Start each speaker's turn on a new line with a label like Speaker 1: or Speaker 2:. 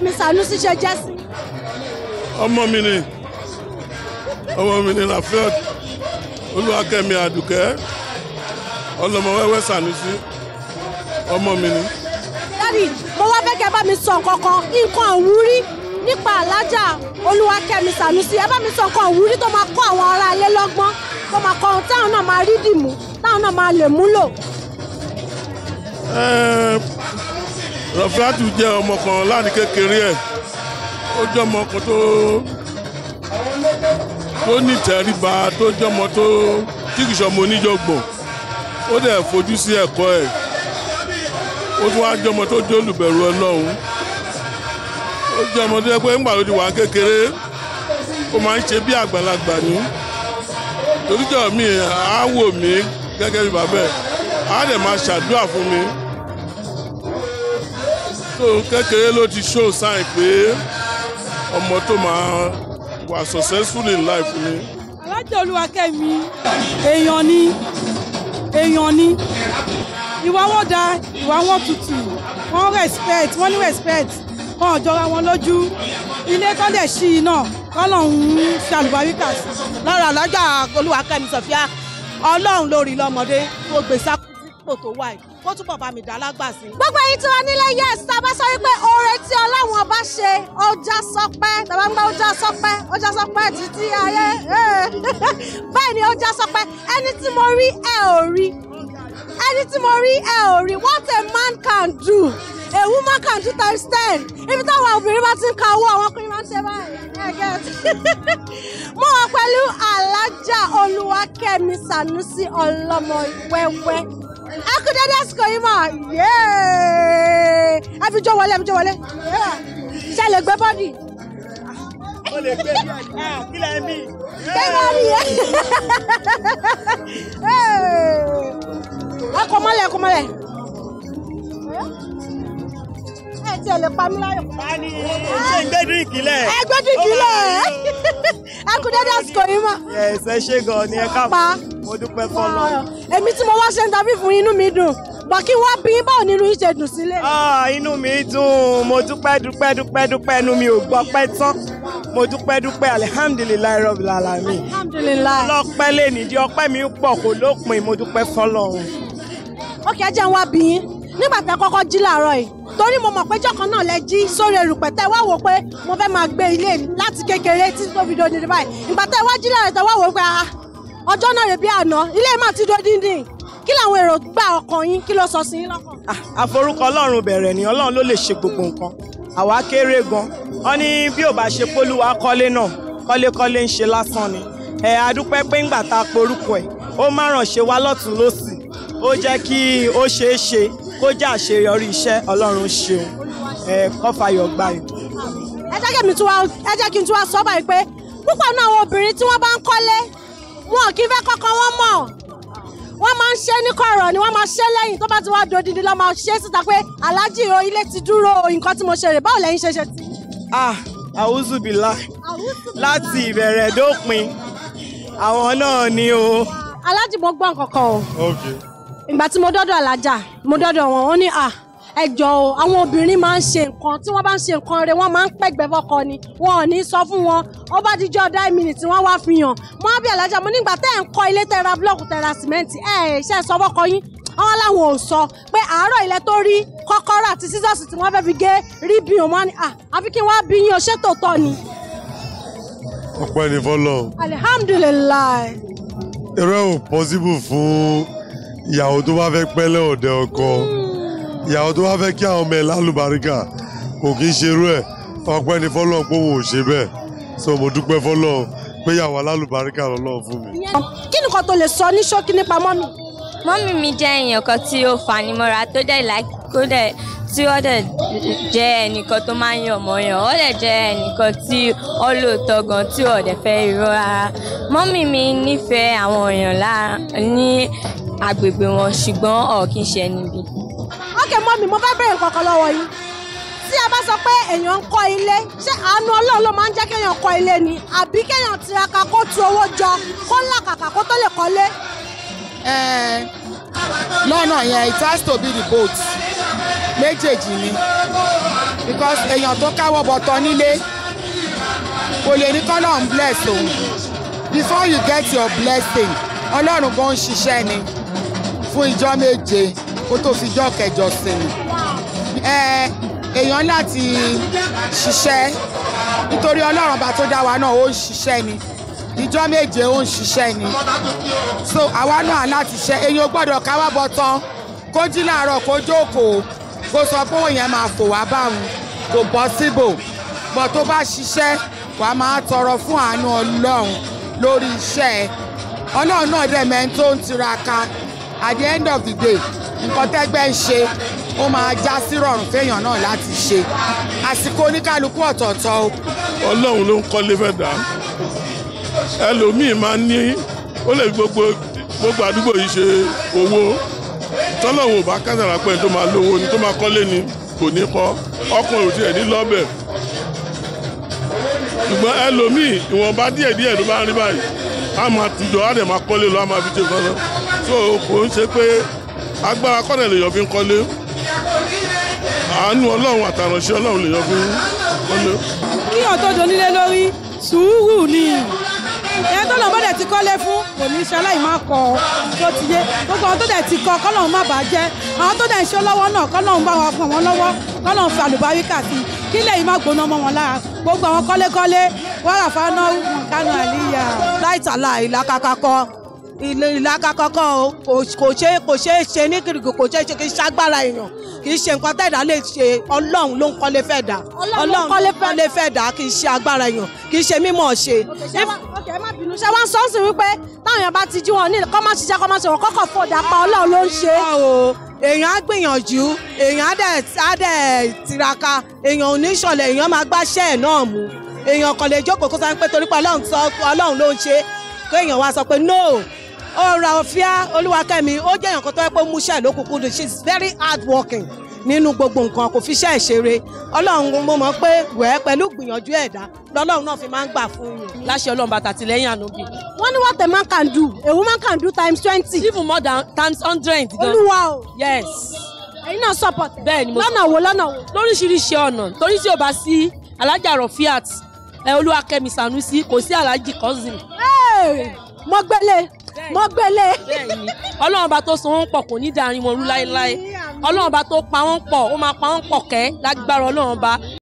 Speaker 1: Fẹ́mi Sanusi ṣe jẹ́ sí.
Speaker 2: ọmọ mi ni ọmọ mi ni Rafiot Olúwakẹ́mi Àdùkẹ́ ọlọmọ wẹ́wẹ́ Sanusi ọmọ mi ni.
Speaker 1: dádì mo wá fẹ́ kẹ́ bá mi sọ nǹkan kan nǹkan ìwúrí nípa alájà Olúwakẹ́mi Sanusi ẹ bá mi sọ nǹkan ìwúrí tó máa kọ́ àwọn ará ilé lọ́gbọ́n tó máa kọ́ ohun táwọn náà máa rí dìmú táwọn náà máa lè múlò.
Speaker 2: Rọ̀fíátù jẹ́ ọmọ kan láti kékeré ẹ̀ ó jẹ́ ọmọ kan tó tó nìtẹríba tó jẹ́ ọmọ tó tí kìí ṣọmọ oníjọ̀gbọ̀n ó dẹ̀ fojú sí ẹ̀kọ́ ẹ̀ ó tún wá jẹ́ ọmọ tó jẹ́ olùbẹ̀rù Ọlọ́run ó jẹ́ ọmọ tó yẹ pé ńgbà ló ti wà kékeré ó máa ń ṣe bí àgbàlagbà ni torí jọ̀ọ́ mi àá wò mí gẹ́gẹ́ bí bàbá ẹ̀ àá dẹ̀ máa ṣàdúrà fún mi so kékeré ló ti show sign pé ọmọ tó máa wà successful in life ni.
Speaker 1: alájọ olúwakẹ́mi èèyàn ni èèyàn ni ìwà wọn da ìwà wọn tutù wọn respect wọn ní respect wọn ò jọra wọn lójú ilé kan dẹ̀ sí i náà kọ́lọ́hún ṣàlùbáríkà sí. lọ́rọ̀ alájà olúwakẹ́mi sọ̀fíà ọlọ́run lórí lọ́mọdé tó gbèsè àkókò tó wà yìí kó túbọ̀ bá mi dá lágbà sí. gbogbo èyí tí wọn nílé yes tá a bá sọ wípé oore tí ọlọ́run ọba ṣe ó já sọpẹ́ tàbá ń gbọ́ ó já sọpẹ́ ó já sọpẹ́ títí ayé bẹ́ẹ̀ ni ó já sọpẹ́ ẹni tí mo rí ẹ ò rí ẹni tí mo rí ẹ ò rí what a man can do a woman can do times ten ibi táwọn obìnrin bá ti ń ka àwọn ọkùnrin máa ń ṣe báyìí mo wà pẹ̀lú alájà olúwakẹ́mi sanusi ọlọ́mọ wẹ́wẹ́ ẹkú dédé àsìkò yìí mọ̀ yéé ẹ fi jó wọlé ẹ fi jó wọlé ṣe lè gbé bọ́dì. o lè gbé bí ẹ ah, kí lẹ mí. gbé bọ́dì yẹn ẹ kọ mọ́lẹ̀ ẹ kọ mọ́lẹ̀ ẹ tiẹ̀ lè pa lẹ̀. ẹ gbé lẹ̀ ẹ kú dédé àsìkò yìí mọ̀. ẹ ṣe ṣe gan ni ẹ káàbọ̀ mo dúpẹ́ fọlọ́. èmi tí mo wá ṣe interview fún inú mi dùn bọ̀ kí wọ́n bí báwo nínú yìí dùn sílẹ̀. Ah, inú mi dùn mo dúpẹ́ dúpẹ́ dúpẹ́ dúpẹ́ inú mi ò gbọ́ pẹ́ tán mo dúpẹ́ dúpẹ́ alihamdulilayi rọ́bìlà làmì. alihamdulilayi. lọ́pẹ́ lè nídìí ọpẹ́ mi pọ̀ kó lópin mo dúpẹ́ fọlọ́run. ó kì í jẹ́ wá bí yín nígbà tẹ́ kọ́kọ́ jí làárọ̀ yìí torí mo mọ̀ pé jọ́kan náà lẹ jí sórí erùpẹ̀ tẹ́ wá wò pé mo fẹ́ máa gbé ilé láti kékeré títí tó fi báyìí ìgbà tẹ́ wá jí làárọ̀ tẹ́ wá wò pé ah ọjọ́ náà rè bí àná ilé má ti dodindin kí làwọn èrò gba ọkàn yín kí ló sọ sí yín lọ́kàn. Ah, àforúkọ ọlọ́run bẹ̀rẹ̀ ni ọlọ́run ló lè ṣe gbogbo nǹkan àwa kéré gan ọ ní bí ò bá ṣe pólúwa kọ́lé náà kọ́lékọ́lé ń ṣe lásán ni ẹ̀ adúpẹ́ pé ńgbà tá porúkọ ẹ̀ ó má ràn ṣe wá lọ́tún lọ́sì ó jẹ́ kí ó ṣeé ṣe kó jẹ́ àṣeyọrí iṣẹ́ ọlọ́run ṣeun ẹ̀ kọ́fàyọ̀ gbayọ̀. ẹ jẹ́ kí n tún wá sọ báyìí pé púpọ̀ náà àwọn obìnrin tí wọ́n bá ń kọ́lé wọn kì í fẹ́ kọ́kọ́ wọn mọ̀ wọ́n máa ń ṣe ní kọ̀rọ̀ ni wọ́n máa ṣe lẹ́yìn tó bá ti wá dodidi lọ́ máa ṣe síta pé aláàjì o ilé ti dúró nǹkan tí mo ṣe rè báwo lẹ́yìn ṣe ṣe ti. ah àwùzùbìlà láti ìbẹ̀rẹ̀ dópin àwọn náà ni o. aláàjì mo gbọ́ nǹkan kan o ìgbà tí mo dọ́dọ̀ alájà mo dọ́dọ̀ wọn ó ní ah ẹ jọ̀ọ́ àwọn obìnrin máa ń ṣe nǹkan tí wọ́n bá ń ṣe nǹkan rẹ̀ wọ́n máa ń pẹ̀gbẹ́ fọ́kọ ni wọn ò ní sọ fún wọn ó bá dijọ́ ọ̀dá ìmìnì wá fi hàn mọ́ àbí alájà mo nígbà tẹ́ ẹ̀ ń kọ́ ilé tẹ́ra búlọ́ọ̀kù tẹ́ra sìmẹ́ǹtì ẹ̀ ṣe sọ fọ́kọ yín àwọn làwọn ò sọ pé àárọ̀ ilẹ̀ tó rí kọ́kọ́rọ́ àti sísọ́ọ̀sì tí wọ́n fẹ́ fi gé rí bí òun wá ní àfi kí wọ́n bí yín o ṣé tòótọ́ ni.
Speaker 2: ọpẹ́ ni fọlọ.
Speaker 1: alihamdulilayi.
Speaker 2: eré ò pọ́sibù fún ìyàwó tó bá fẹ́ pẹ́lẹ́ ọ̀dẹ ọkọ. Mm ìyàwó tó wá fẹ́ kí àwọn ọmọ ẹ̀ lálùbáríkà kò kí ń ṣerú ẹ̀ ọpẹ́ ni fọlọ́n pé òun ò ṣe bẹ́ẹ̀ so mo dúpẹ́ fọlọ́n pé ìyàwó alálùbáríkà lọ́lọ́run fún mi.
Speaker 1: kí ni kan tó lè sọ ní ṣókí nípa mọ́mì. mọ́mì mi jẹ́ èèyàn kan tí ó fanimọ́ra tó dẹ̀ láìkí tó dẹ̀ tí ó dẹ̀ jẹ́ ẹnìkan tó máa ń yàn mọ́ yàn ó dẹ̀ jẹ́ ẹnìkan tí ó lóòótọ́ gan tí ó dẹ̀ fẹ́ irọ́ rárá mọ́mì mi nífẹ̀ẹ́ àwọn èèyàn ní agbègbè wọn ṣùgbọ́n ọ̀ kì í ṣe níbi ókè mọ́mì mo fẹ́ bẹ̀rẹ̀ nǹkan lọ́wọ́ yín tí a bá sọ pé èèyàn ń kọ́ ilé ṣé àánú ọlọ́run ló máa ń jẹ́ kéèyàn kọ́ ilé ni àbí kéèyàn tiraka kó tu owó jọ kó làkàkà kó tó lè kọ́lé. lọ́nà yẹn it has to be the boat méjèèjì ni because èèyàn tó káwọ́ bọ̀tọ̀ nílé kò lè ní kọ́lọ́ ń bless òun before you get your blessing ọlọ́run gan ń ṣiṣẹ́ ni fún ìjọ méje kó tó fi jọ́ kẹjọ sinmi èèyàn láti ṣiṣẹ́ nítorí ọlọ́run bá tó dá wa náà ó ń ṣiṣẹ́ ni ìjọ méje ó ń ṣiṣẹ́ ni so àwa náà láti ṣe èèyàn gbọ́dọ̀ káwá bọ̀ tán kó jí láàárọ̀ kó jókòó kó sọ pé òun yẹn máa fò wá báwọn kò bọ́ síbò bọ̀ tó bá ṣiṣẹ́ wàá máa tọrọ fún àánú ọlọ́run lórí iṣẹ́ ọlọ́run náà dẹ̀ mẹ́ńtó ń tiraka at the end of the day nǹkan tẹ́gbẹ́ ń ṣe ó máa já sí rọrùn fẹ́yàn náà
Speaker 2: láti ṣe àsìkò oníkálukú ọ̀tọ̀ọ̀tọ̀ o. ọlọ́run ló ń kọ́lé fẹ́ dà ẹlòmíì máa ń ní ó lè gbogbo gbogbo àdúgbò yìí ṣe owó tọ́lọ́run ò bá kádàrá pẹ̀ tó máa lówó ni tó máa kọ́lé ni kò ní kọ́ ọkùnrin ò tiẹ̀ ní lọ́bẹ̀ ṣùgbọ́n ẹlòmíì ìwọ̀nba díẹ̀ díẹ̀ ló bá rí báyìí a máa tùjọ́ á dẹ̀ máa kọ́lé lọ a máa fi ṣe kọ́lọ́ so kò ń ṣe pé agbára kọ́nẹ̀ lèyàn fi ń kọ́lé àánú ọlọ́run àtàrànṣe ọlọ́run lèyàn fi ń kọ́lé. kí ọ̀tọ́ donílé lórí sùúrù
Speaker 1: ni ẹni tó lọ́mọ dẹ̀ ti kọ́lé fún kò ní ṣe aláìmọ́ kọ tó ti yé gbogbo àwọn tó dẹ̀ ti kọ kọ́lọ́hún má bàá jẹ́ àwọn tó dẹ̀ ń ṣe lọ́wọ́ náà kọ́lọ́hún bá wọn pọ̀ wọ́n lọ́wọ́ kọ́lọ́hún fi àlùbáríkà sí kí lè má gbóná mọ́ wọn lára gbogbo àwọn kọ́lékọ́lé wàrà fáná kánú àlíyà láìtàlá ìlàkàkà kọ́ ilé ìlàkà kankan o kò ṣeé kò ṣeé ṣe ní kìrìkì kò ṣeé ṣe kì í ṣàgbára èèyàn kì í ṣe nǹkan tẹ̀dá lè ṣe ọlọ́run ló ń kọ́lé fẹ́ dá ọlọ́run ló ń kọ́lé fẹ́ dá kì í ṣe agbára èèyàn kì í ṣe mímọ̀ ṣe. ọkẹ́ má bínú ṣe wá ń sọ́ọ́ sí wípé táwọn èèyàn bá ti jí wọn ní kọ́ má ṣiṣẹ́ kọ́ má ṣe wọn kọ́kọ́ fòdà pa ọlọ́run ló ń ṣe. èèyàn á gbìyànjú èèyàn á dẹ̀ tiraka èèyàn ò ní ṣọ̀lẹ̀ èèyàn máa gbáṣẹ́ ẹ̀ náà mú èèyàn kò lè jókòó kó sáré pé torí pé ọlọ́run ló ń ṣe kéèyàn wá sọ pé no Ọ̀ràọ̀fíà Olúwakẹ́mi ó jẹ́ èèyàn kan tó yẹ pé ó mú iṣẹ́ lókùnkúndùn she is very hard working nínú gbogbo nǹkan kò fi iṣẹ́ ìṣeré Ọlọ́run mo mọ̀ pé wẹ́ẹ́ pẹ̀lú gbìyànjú ẹ̀dá lọ́lọ́run náà fi máa ń gbà fún yín. láṣẹ Ọlọ́run bàtà tìlẹ́yìn ànúbì. wọ́n ní what a man can do a woman can do times twenty. even more than times hundred. Olúwa o. yes. ẹ̀yin náà support. bẹ́ẹ̀ ni mo lọ́nà wo lọ́nà wo. lóríṣiríṣi ọ̀nà torí tí o bá sí alájà Rafiat Olúwakẹ́mi Sanusi kò sí alájì cousin. mo gbélé mọ́gbélé. ọlọ́run bá tó san wọ́n pọ̀ kò ní dàrin wọn rú láéláé ọlọ́run bá tó pa wọ́n pọ̀ ó máa pa wọ́n pọ̀ kẹ́ lágbára ọlọ́run bá